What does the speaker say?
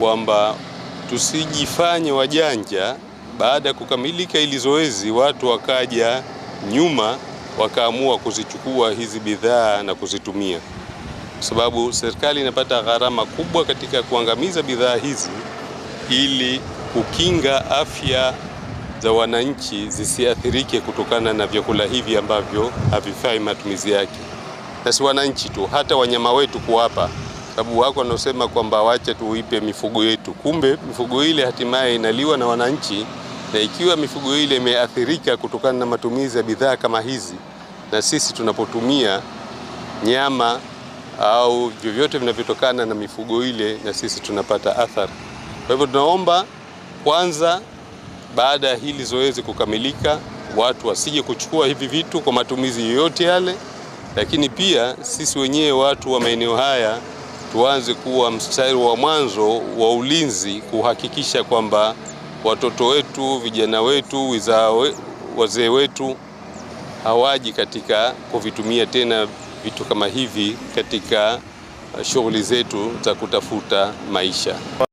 kwamba tusijifanye wajanja baada ya kukamilika ili zoezi, watu wakaja nyuma wakaamua kuzichukua hizi bidhaa na kuzitumia, kwa sababu serikali inapata gharama kubwa katika kuangamiza bidhaa hizi ili kukinga afya za wananchi zisiathirike kutokana na vyakula hivi ambavyo havifai matumizi yake, na si wananchi tu, hata wanyama wetu kuwapa sababu wako wanaosema kwamba wache tuipe mifugo yetu, kumbe mifugo ile hatimaye inaliwa na wananchi, na ikiwa mifugo ile imeathirika kutokana na matumizi ya bidhaa kama hizi, na sisi tunapotumia nyama au vyovyote vinavyotokana na mifugo ile, na sisi tunapata athari. Kwa hivyo tunaomba kwanza, baada ya hili zoezi kukamilika, watu wasije kuchukua hivi vitu kwa matumizi yoyote yale, lakini pia sisi wenyewe watu wa maeneo haya tuanze kuwa mstari wa mwanzo wa ulinzi kuhakikisha kwamba watoto wetu, vijana wetu, wazee wetu hawaji katika kuvitumia tena vitu kama hivi katika shughuli zetu za kutafuta maisha.